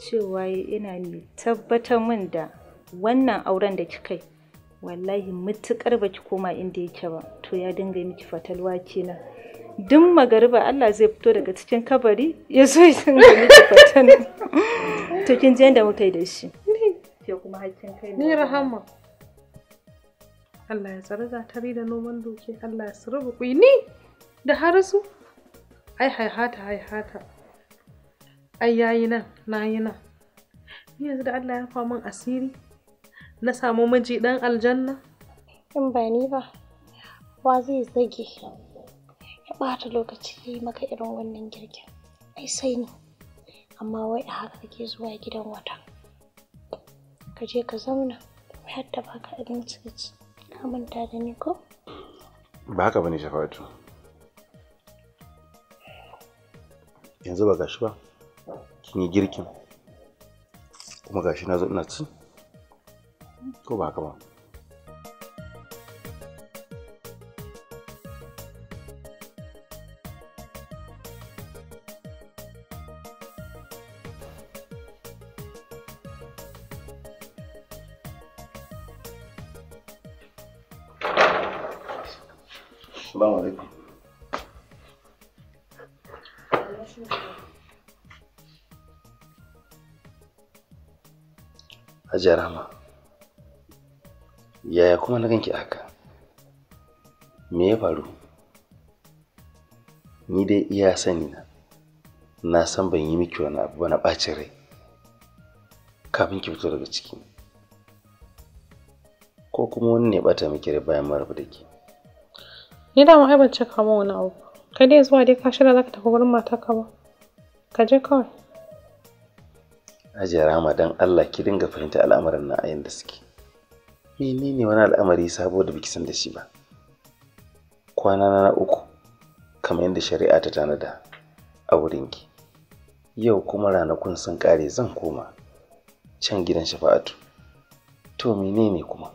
cewa ina ne tabbatar min da wannan auren da kika yi wallahi mutukar ki koma inda yake ba to ya dinga miki fatalwa kenan duk magariba Allah zai fito daga cikin kabari ya zo ya dinga miki fatan to kin ji yadda muka yi da shi ke kuma hakkin kai ni rahama Allah ya tsare tare da noman doki Allah ya sirri ni da harasu ai haihata haihata ai yayi nan na yi nan yanzu da Allah ya fa min asiri na samu miji dan aljanna in ba ni ba wa zai zage ya bata lokaci yi maka irin wannan girkin ai sai ni amma wai a haka kake zuwa gidan wata ka je ka zauna har da baka abinci ka ci ka manta da ni ko ba haka bane shafatu yanzu ba gashi ba in yi girkin kuma gashi na zo ina ci ko ba haka ba A jarama, Yaya kuma na ganki haka? Me ya faru? Ni dai iya sani na. Na san ban yi miki wani abu ba na ɓacin rai. Kafin ki fito daga ciki. Ko kuma wani ne ɓata miki rai bayan marabu da ke. Ni da ai ban cika wani abu. Kai dai zuwa dai ka shirya za tafi wurin matarka ba. Ka je kawai. Ajiye Rama, dan Allah ki dinga fahimta al'amuran na a da suke menene wani al'amari sabo da biki san da shi ba kwana na uku kamar yadda shari'a ta tanada a wurinki yau kuma ranakun sun kare zan koma can gidan shafa'atu to menene kuma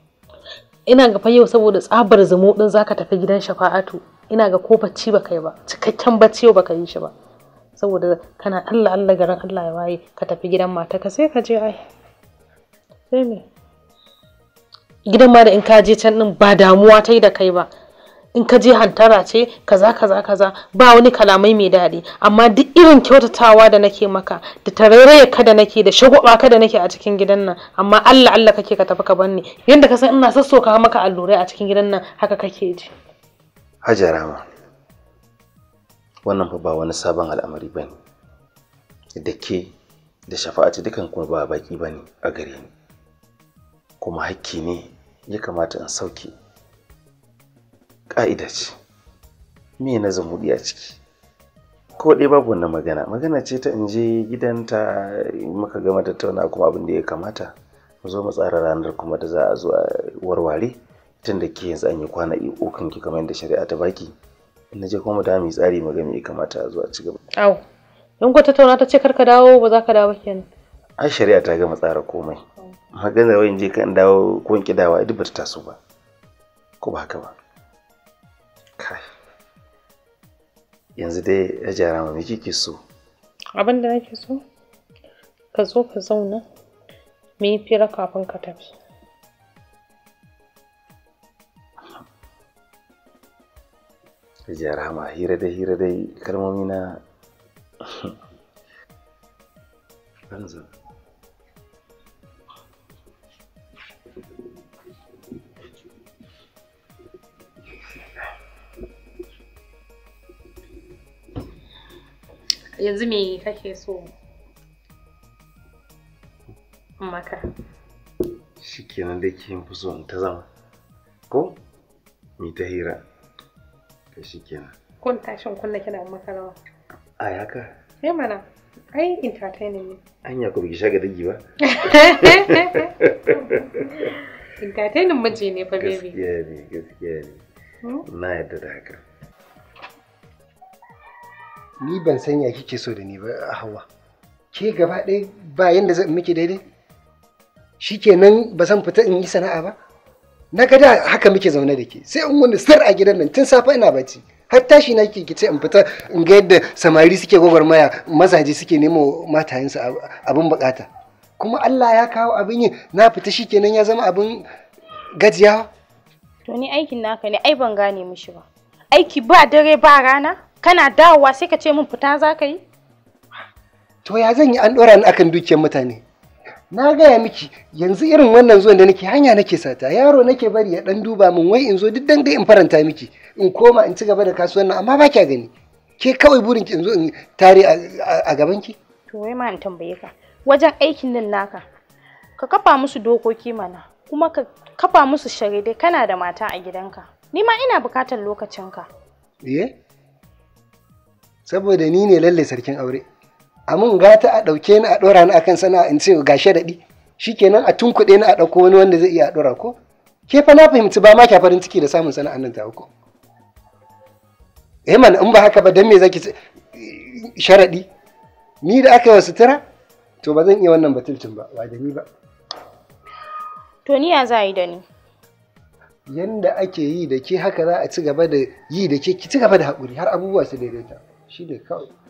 ina ga fa yau saboda tsabar zumo din zaka tafi gidan shafa'atu ina ga ko bacci baka yi ba cikakken bacci yau baka yi shi ba saboda kana Allah Allah garin Allah ya waye ka tafi gidan mata ka sai ka je ai sai ne gidan ma in ka je can din ba damuwa ta yi da kai ba in ka je hantara ce kaza kaza kaza ba wani kalamai mai daɗi amma duk irin kyautatawa da nake maka da tarairaya ka da nake da shagwaba ka da nake a cikin gidan nan amma Allah Allah kake ka tafi ka banni yadda ka san ina sassoka maka allurai a cikin gidan nan haka kake ji hajarama wannan ba wani sabon al'amari ba ne da ke da shafa'atu dukan kuma ba baki ba ne a gare ni kuma hakki ne ya kamata in sauke ƙa'ida ce me na zumuɗi a ciki ko ɗaya babu wannan magana magana ce ta in je gidanta muka gama tattauna kuma abin da ya kamata mu zo mu tsara ranar kuma da za a zo a warware tun da ke yanzu an yi kwana uku kamar yadda shari'a ta baki na je kuma da mu tsari mu ga me kamata a zo a cigaba. gaba au ko tattauna ta ce kar ka dawo ba za ka dawo kenan ai shari'a ta gama tsara komai maganar wayin je kan dawo ko in kidawa duk bata taso ba ko ba haka ba kai yanzu dai ya jara mu kike so abin da nake so ka zo ka zauna Me yi fira kafin ka tafi Ya Rahama hira da hira dai kalmomi na banza. Yanzu me kake so maka? Shikenan dai kin fi so ta zama. Ko? Mi ta hira. kuntashin shi kenan kun tashin kunna kina makarawa a haka eh mana ai entertaining ne anya ku bi shaga dagi ba entertaining miji ne fa baby gaskiya ne gaskiya ne hmm? na yadda da haka ni ban san ya kike so da ni ba a hawa ke gaba ɗaya ba yanda zan miki daidai shikenan ba zan fita in yi sana'a ba na ga da haka muke zaune da ke sai in wani sar a gidan nan tun safe ina bacci har tashi na ke kice in fita in ga yadda samari suke gwagwarmaya mazaje suke nemo matayensu abin bukata kuma Allah ya kawo abin yi na fita shi kenan ya zama abin gajiya. to ni aikin naka ne ai ban gane mishi ba aiki ba dare ba rana kana dawowa sai ka ce min fita za ka yi to ya zan yi an dora ni akan dukiyar mutane na gaya miki yanzu irin wannan zuwan da nake hanya nake sata yaro nake bari ya dan duba min wai in zo duk dan in faranta miki in koma in ci gaba da kasuwannin amma ba kya gani ke kawai burin ki in zo in tare a gaban ki to wai ma in tambaye ka wajen aikin nan naka ka kafa musu dokoki mana kuma ka kafa musu sharidai kana da mata a gidanka ni ma ina bukatar lokacinka eh saboda ni ne lalle sarkin aure a mun gata a ɗauke ni a ɗora ni kan sana'a in ce ga sharaɗi shikenan a tunkuɗe ni a ɗauko wani wanda zai iya ɗora ko ke fa na fahimci ba ma kya farin ciki da samun sana'a nan ta ko eh man in ba haka ba dan me zaki sharaɗi ni da aka yi sutura to ba zan iya wannan batulcin ba ba da ni ba to ni ya za yi da ni yanda ake yi da ke haka za a ci gaba da yi da ke ki ci gaba da haƙuri har abubuwa su daidaita shi ne kawai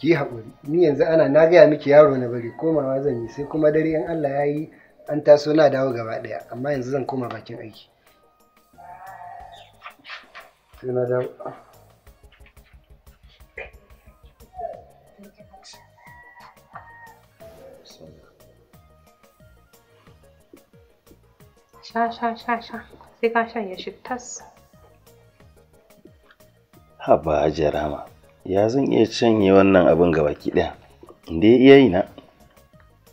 ki haƙuri ni yanzu ana na gaya miki yaro na bari komawa zan yi sai kuma dare in Allah ya yi an taso na dawo gaba ɗaya amma yanzu zan koma bakin aiki sai sha sha sha sha sai ka shi tas haba jarama ya zan iya canye wannan abin ga baki ɗaya inda ya iya yi na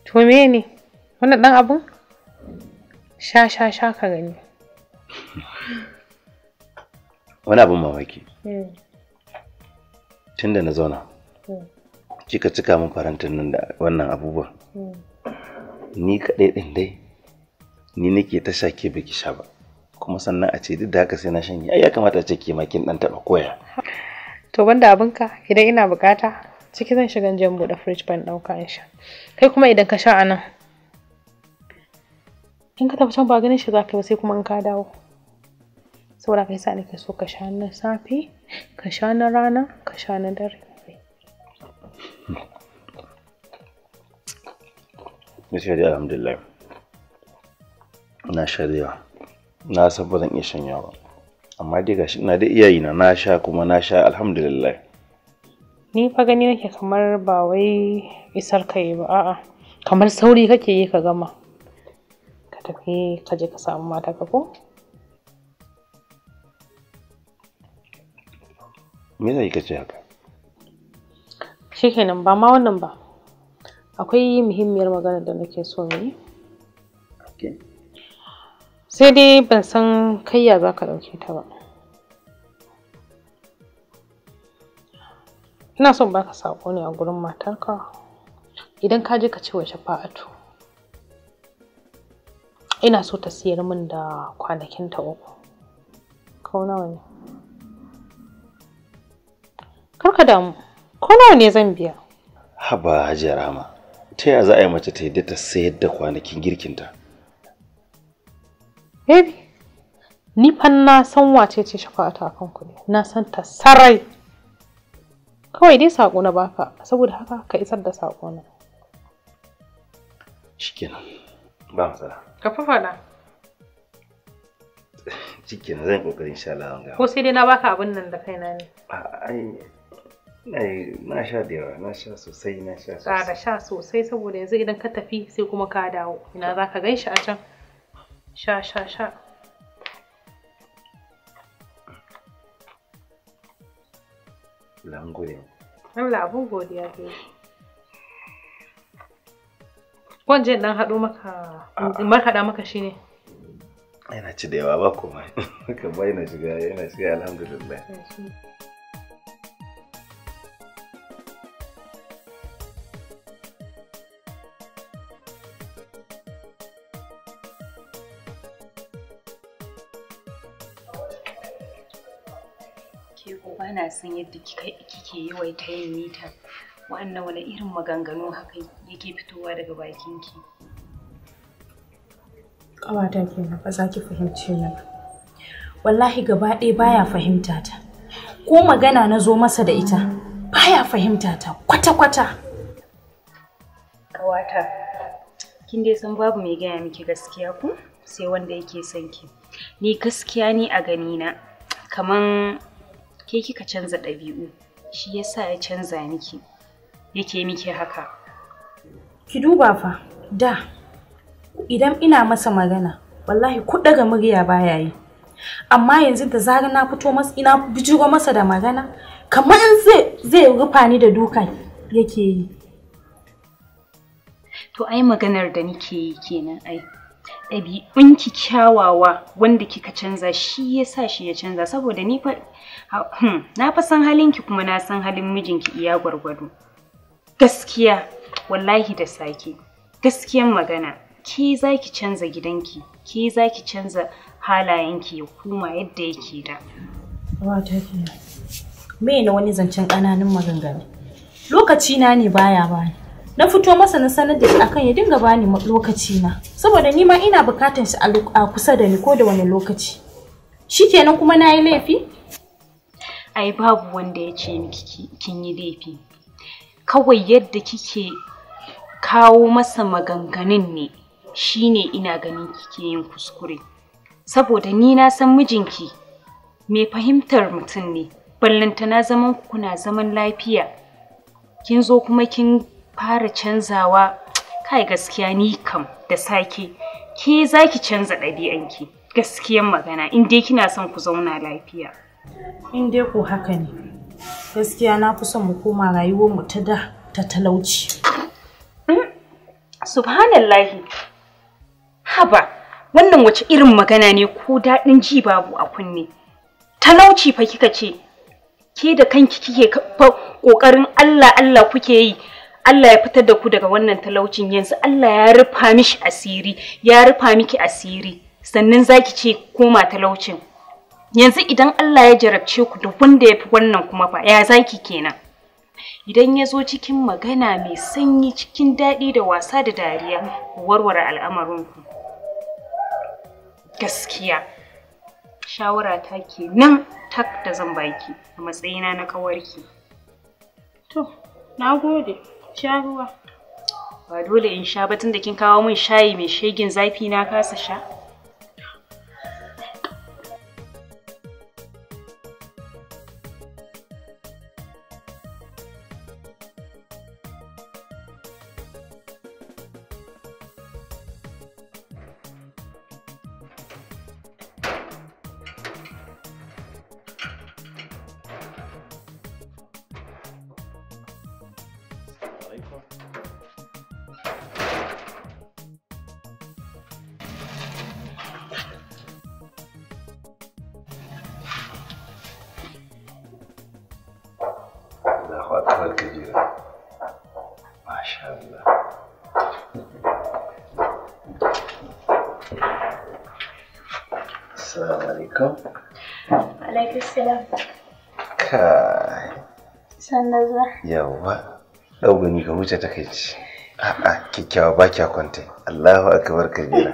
to me ne wannan ɗan abin sha sha sha ka gani wani abin mamaki hmm. tun da na zauna hmm. kika cika min farantin nan da wannan abubuwa? Hmm. ni kaɗai ɗin dai ni nake ta shake baki sha ba kuma sannan a ce duk da haka sai na shanye ai ya kamata a ce ke makin ɗan taɓa koya to banda abinka idan ina bukata ciki zan shiga jan da fridge ban ɗauka in sha kai kuma idan ka sha anan. in ka tafi can ba ganin shi za sai kuma in ka dawo saboda kai sa nake so ka sha na safe ka sha na rana ka sha na dare gaskiya dai alhamdulillah na shari'a. na sabbin ba zan iya amma dai gashi ina da iyayi na na sha kuma na sha alhamdulillah ni fa gani nake kamar ba wai isar ka yi ba a'a kamar sauri kake yi ka gama ka tafi ka je ka samu mata ka ko me zai ka ce haka shikenan ba ma wannan ba akwai muhimmiyar magana da nake so ne okay. sai dai ban san kayya za ka ɗauke ta ba ina son baka saƙo ne a gurin matarka idan ka je ka ce wa shafa'atu ina so ta siyar min da kwanakin ta uku nawa ne karka damu ko nawa ne zan biya haba hajiya rama ta yaya za a yi mace ta yadda ta sayar da kwanakin girkinta Baby, ni fa na san wace ce shafa a kanku ne, na san ta sarai. Kawai dai saƙo na baka, saboda haka ka isar da saƙo na. Shikenan, ba matsala. Ka fa faɗa. Shikenan zan ƙoƙarin sha Allah Ko sai dai na baka abin nan da kaina ne. Ai, ai, na sha da yawa na sha sosai na sha sosai Ka da sha sosai saboda yanzu idan ka tafi sai kuma ka dawo ina za ka gan shi a can sha sha sha Langure. Allah abun godiya ke. Kwanje dan hado maka markaɗa maka shine. ne. Yana ci da yawa ba Ka bai na shiga yana shiga alhamdulillah. na san yadda kike ta yin mitar wa'annan wani irin maganganu haka yake fitowa daga bakinki ke kenan ba za ki fahimce ni ba wallahi gaba ɗaya baya fahimta ta ko magana na zo masa da ita baya fahimta ta kwata-kwata kawata kin dai san babu mai gaya miki gaskiya ku sai wanda yake son ki ni gaskiya ni a ganina kaman ke kika canza ɗabi'u shi yasa ya canza miki yake miki haka ki duba fa da idan ina masa magana wallahi ku daga murya baya yi amma yanzu da zarar na fito masa ina bijiro masa da magana kamar zai zai rufa ni da duka yake yi to ai maganar da nike yi kenan ai ɗabi'unki kyawawa wanda kika canza shi yasa shi ya canza saboda ni fa Hmm, na fa san halinki kuma na san halin mijinki iya gwargwado gaskiya wallahi da sake gaskiyan magana ki za ki canza gidanki ki za ki canza halayenki ya kuma yadda yake da me na wani zancen ƙananun maganganu lokaci na ne baya bani na fito masa na sanar da shi akan ya dinga bani lokaci na saboda ni ma ina bukatar shi a kusa da ni ko da wani lokaci shikenan kuma na yi laifi ai babu wanda ya ce miki kin yi laifi kawai yadda kike kawo masa maganganun ne shine ina ganin kike yin kuskure saboda ni na san mijinki mai fahimtar mutum ne ballantana zaman kuna zaman lafiya kin zo kuma kin fara canzawa kai gaskiya ni kam da sake ke zaki canza ɗabi'anki gaskiyan magana in dai kina son ku zauna lafiya in dai ko haka ne gaskiya na fi son mu koma rayuwar mu ta da ta talauci hmm, subhanallahi haba wannan wace irin magana ne ko daɗin ji babu a kunne talauci fa kika ce ke da kanki kike kokarin Allah Allah kuke yi Allah ya fitar da ku daga wannan talaucin yanzu Allah ya rufa mishi asiri ya rufa miki asiri sannan zaki ce koma talaucin yanzu idan Allah ya jarabce ku da wanda ya fi wannan kuma fa ya zaki kenan idan ya zo cikin magana mai sanyi cikin daɗi da wasa da dariya ku warware al'amarinku gaskiya shawara ta ke nan tak da zan baki a matsayina na kawarki to na gode sha ruwa ba dole in sha ba tun da kin kawo min shayi mai shegin zafi na kasa sha ضعيفة الله السلام عليكم وعليكم السلام كاي سنة يوا Dau ka huce ta kai A'a kyakkyawa ba kya kwanta. Allahu akbar kabira.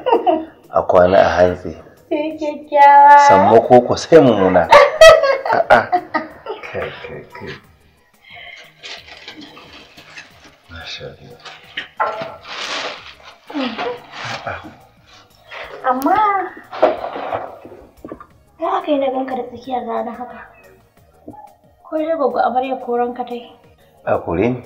A kwana a hantsi. Sai kyakkyawa. Sammo koko sai mumuna. A'a. Kai kai kai. Masha Allah. Amma ko haka yi na ganka da tsakiyar rana haka. Ko dai babu amarya koran ka dai. A kore ni?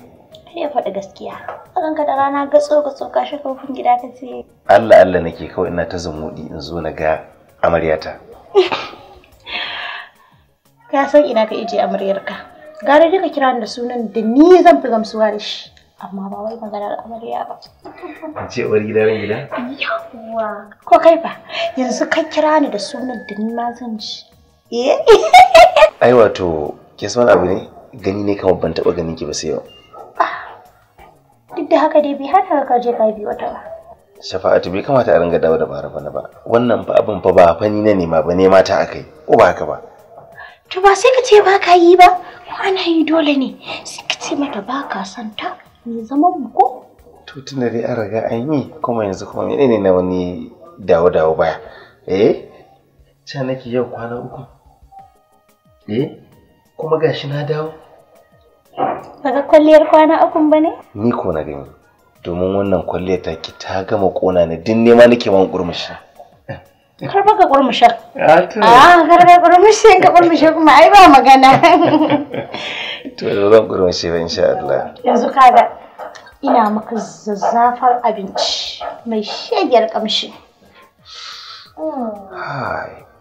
sai ya faɗi gaskiya kan ka da rana gatso gatso ka shi kofin gida ka ce Allah Allah nake kawai ina ta zumuɗi in zo na ga amaryata ka san ina ka ije amaryarka gare ka kira da sunan da ni zan fi gamsuwa da shi amma ba wai maganar amarya ba. Ce uwar gida ran gida? Yawwa. Ko kai ba, yanzu ka kira ni da sunan da ni ma zan ji. Eh? Ai wato, ke abu ne? Gani ne kamar ban taɓa ganin ki ba sai yau. duk da haka dai bai hana ka je ka bi wata ba shafa'atu bai kamata a ringa dawo da bara bana ba wannan fa abin fa ba fani na nema ba nema ta akai ko ba haka ba to ba sai ka ce ba ka yi ba ko ana yi dole ne sai ka ce mata ba ka son ta ni zaman mu ko to tunda dai an riga an yi kuma yanzu kuma menene na wani dawo dawo baya eh can nake yau kwana uku eh kuma gashi na dawo Ba kwalliyar kwana ukun ba ne? Ni ko na gani. Domin wannan kwalliyar ta ki ta gama kona ne din nema nake man kurmushi. Kar baka kurmusha. Ah, ah, kar baka kurmushi ka kurmushi kuma ai ba magana. To zan kurmushi ba insha Allah. Yanzu kaga ina maka zazzafar abinci mai shagiyar kamshi.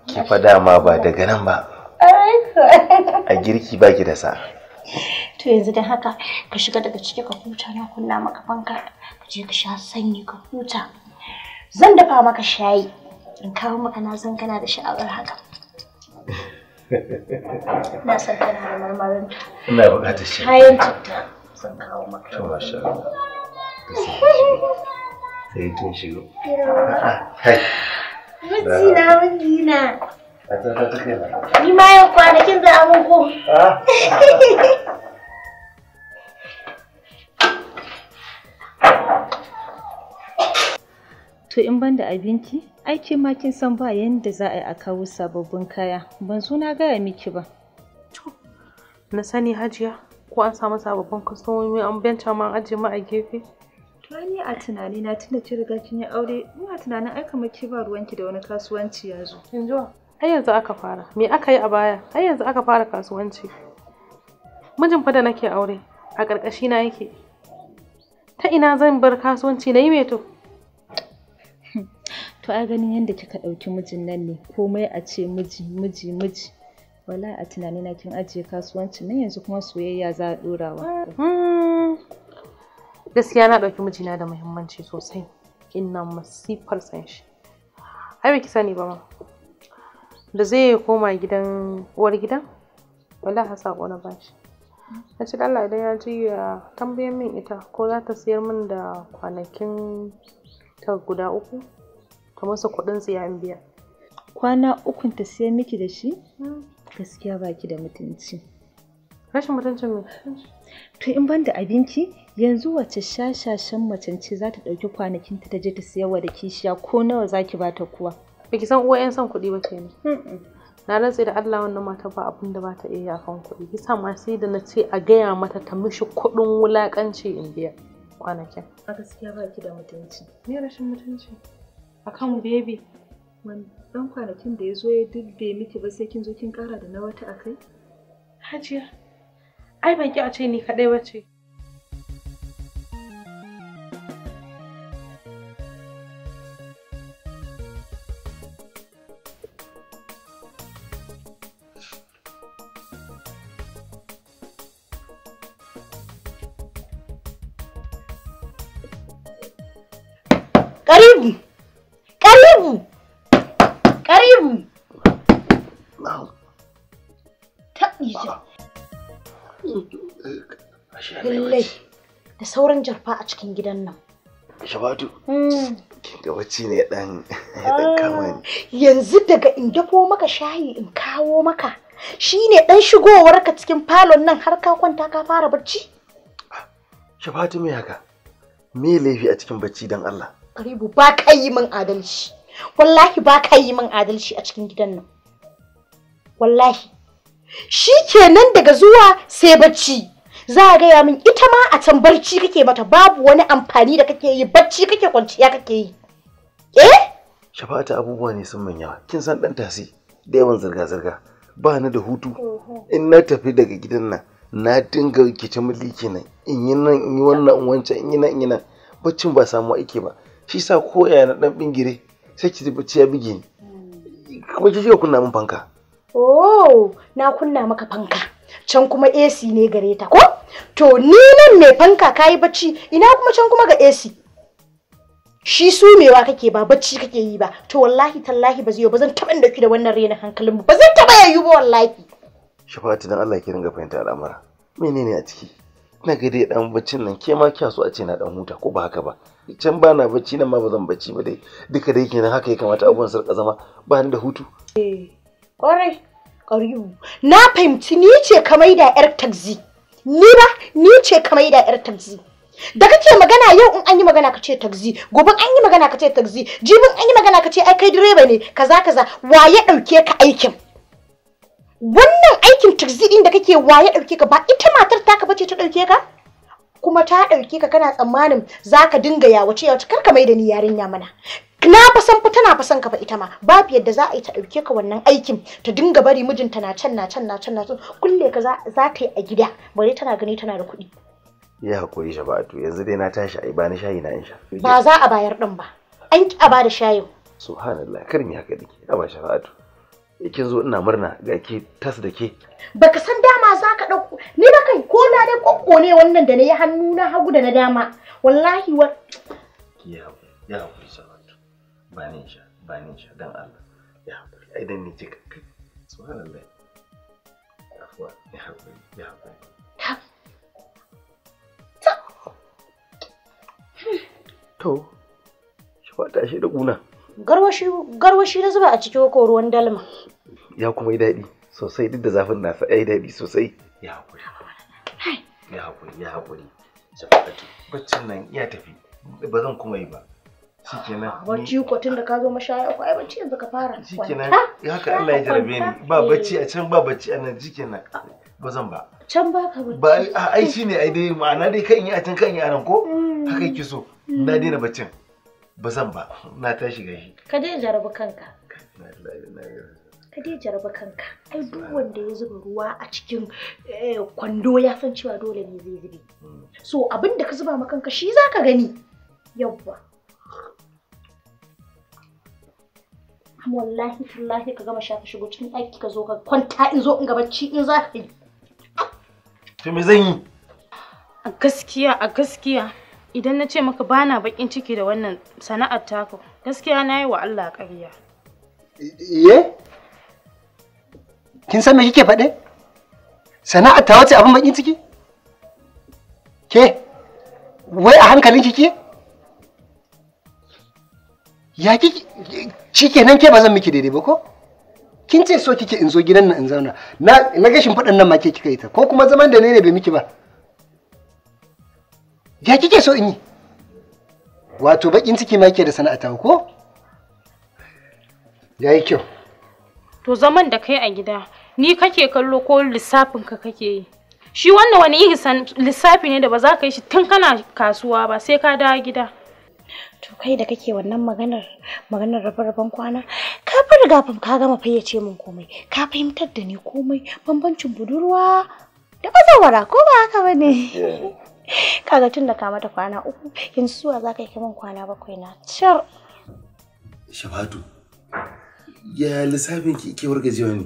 Ki hmm. fa dama ba daga nan ba. A girki baki da sa. to yanzu dan haka ka shiga daga ciki ka huta na kunna maka fanka ka je ka sha sanyi ka huta zan dafa maka shayi in kawo maka na san kana da sha'awar haka na san kana da marmarin ina buƙatar shi kayan citta zan kawo maka to masha Allah sai tun shigo kai mijina mijina Ni ma yau kwanakin za a muku. To in banda abinci, ai ma kin san ba yanda za a yi a kawo sababbin kaya, ban zo na gaya miki ba. To, na sani hajiya, ko an samu sababbin kwastomomi an banta ma aje ma a gefe. To ni a tunani na tunda ki riga kin yi aure, ina tunanin aika miki ba ba ruwanki da wani kasuwanci yanzu. Yanzu ai yanzu aka fara, me aka yi a baya? Ai yanzu aka fara kasuwanci. Mijin fa da nake aure, a ƙarƙashi na yake. Ta ina zan bar kasuwanci na yi me to? to a ganin yadda kika ɗauki mijin nan ne komai a ce miji miji miji wala a tunani na kin ajiye kasuwanci nan yanzu kuma soyayya za a ɗora wa mm-hmm. gaskiya na ɗauki mijina da muhimmanci sosai ina masifar san shi ai ba ki sani ba ma da zai koma gidan uwar gidan wala har sako na bashi na ce Allah idan ya ji ya tambaye min ita ko za ta siyar min da kwanakin ta guda uku ta masa kuɗin in biya kwana ukun ta siyan miki da shi hmm. gaskiya baki da mutunci rashin mutuncin mai to in ban da abinci yanzu wace shashashen macance za ta ɗauki kwanakin ta je ta siyarwa da kishiya ko nawa za ki ba ta kuwa biki san uwa yan son kuɗi ba ne? na rantsi da Allah wannan mata ba abin da ba ta iya akan kuɗi kisa ma sai da na ce a gaya mata ta mishi kuɗin wulakanci in biya kwanakin a gaskiya ba ki da mutunci me rashin mutunci akan baby dan kwanakin da ya zo ya duk miki ba sai kin zo kin kara da na wata akai hajiya ai ban ki a ce ni kadai ba ce Lallai da sauran jarfa a cikin gidan nan. Shabatu. Hmm. Kin ga wacce ne dan ah, kama Yanzu daga in dafo maka shayi in kawo maka shine dan shigowar ka cikin falon nan har ka kwanta ka fara barci. Ah, Shabatu me haka? Me laifi a cikin barci dan Allah? Karibu ba ka yi min adalci. Wallahi ba ka yi min adalci a cikin gidan nan. Wallahi Shi kenan daga zuwa sai bacci. Za a gaya min ita ma a can barci kake mata babu wani amfani da kake yi barci kake kwanciya kake yi. Eh? Shafa'ata abubuwa ne sun manya. Kin san ɗan tasi da yawan zirga-zirga. Ba ni da hutu. In na tafi daga gidan nan na dinga rikice mulki kenan. In yi nan in yi wannan wancan in yi nan in yi nan. Baccin ba samuwa ike ba. Shi sa ko yaya ɗan bingire sai ki ji bacci ya bige ni. Hmm. Kuma ki kunna min fanka. oh na kunna maka fanka can kuma ac ne gare ta ko to ni nan mai fanka kayi bacci ina kuma can kuma ga ac shi sumewa kake ba bacci kake yi ba to wallahi tallahi ba zai yi ba zan taɓa ɗauki da wannan rena hankalin ba zan taɓa yayi ba wallahi shafa'atu dan Allah ki ringa fahimta al'amura menene a ciki ina ga dai dan baccin nan ke ma kya so a ce na dan huta ko ba haka ba can ba na bacci nan ma ba zan bacci ba dai duka dai kenan haka ya kamata abubuwan sarƙa zama ba ni da hutu eh Ƙwarai, ƙaribu. Na fahimci ni ce ka maida 'yar tagzi Ni ba, ni ce ka maida 'yar taxi. Da kake magana yau in an magana ka ce taxi, gobe an yi magana ka ce taxi, jibin an yi magana ka ce ai kai direba ne, kaza kaza, wa ya ɗauke ka aikin? Wannan aikin taxi ɗin da kake wa ya ka ba ita matar taka bace ta ɗauke ka? kuma ta ɗauke ka kana tsammanin za ka dinga yawace yawace kar ka mai da ni yarinya mana na fasan fa tana fasan ka fa ita ma babu yadda za a yi ta dauke ka wannan aikin ta dinga bari mijinta na can na can na can na can kulle ka za ta yi a gida bare tana gani tana da kuɗi ya hakuri shafa'atu yanzu dai na tashi ai ba ni shayi na in sha ba za a bayar din ba an ki a ba da shayin subhanallah karin ya kaɗi a ba shafa'atu eh, kin zo ina murna ga ke tas da ke baka san dama za ka ɗauko ni da kai ko na dai ƙoƙo ne wannan da na yi hannu na hagu da na dama wallahi wa ya ya sa. ba ni sha ba ni sha dan Allah ya haƙuri ai dan ne ce kai subhanallah afuwa ya haƙuri ya haƙuri to shi wata shi da kuna garwashi garwashi na zuba a cikin ko ruwan dalma ya kuma yi daɗi sosai duk da zafin nasa ya yi daɗi sosai ya haƙuri ya haƙuri ya haƙuri shafa'atu baccin nan ya tafi ba zan kuma yi ba shikenan ah, bacci ko tunda ka zo mashaya ko ai bacci yanzu ka fara shikenan haka Allah ya jarabe ni ba bacci eh. a can ba bacci a nan shikenan ah. ba zan ba can ba ka bacci ba ai shine ai dai ma'ana dai kan yi a can kan yi a nan ko mm. haka yake so mm. na daina baccin ba zan ba na tashi gashi ka dai jarabi kanka ka dai jarabi kanka ai duk wanda ya zuba ruwa a cikin eh, kwando ya san cewa dole ne zai zube mm. so abinda ka zuba ma kanka shi zaka gani yawwa wallahi tallahi ka gama shafa shigo cikin aiki ka zo ka kwanta in zo in ga bacci in za ka yi to me zan yi a gaskiya a gaskiya idan na ce maka bana bakin ciki da wannan sana'ar taka gaskiya na yi wa Allah ƙarya iye kin san me kike faɗe sana'ar ta wace abin bakin ciki ke wai a hankalin kike ya kike shikenan ke ba zan miki daidai ba ko kin ce so kike in zo gidan nan in zauna na na gashin fadan nan ma ke kika yi ta ko kuma zaman da ne ne bai miki ba ya kike so in yi wato bakin ciki ma ke da sana'ata ko ya yi kyau to zaman da kai a gida ni kake kallo ko lissafin ka kake yi shi wannan wani lissafi ne da ba za ka yi shi tun kana kasuwa ba sai ka dawo gida kai da kake wannan maganar maganar rabe-raben kwana ka fi riga ka gama fayyace min komai ka fahimtar da ni komai bambancin budurwa da bazawara ko ba haka ba ne kaga tun da ka mata kwana uku yanzu zuwa za ka yi kaman kwana bakwai na cir Shabatu ya lissafin ki kewar wargajewa ne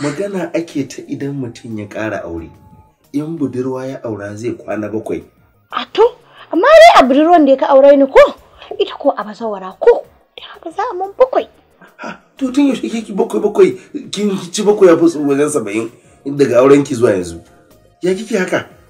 magana ake ta idan mutum ya ƙara aure in budurwa ya aura zai kwana bakwai a to amma dai a budurwan da ya ka aure ni ko ita ko a bazawara ko da haka za a mun bakwai to tun yaushe ki bakwai bakwai kin ci bakwai ya fusu wajen saba'in daga aurenki zuwa yanzu ya kike haka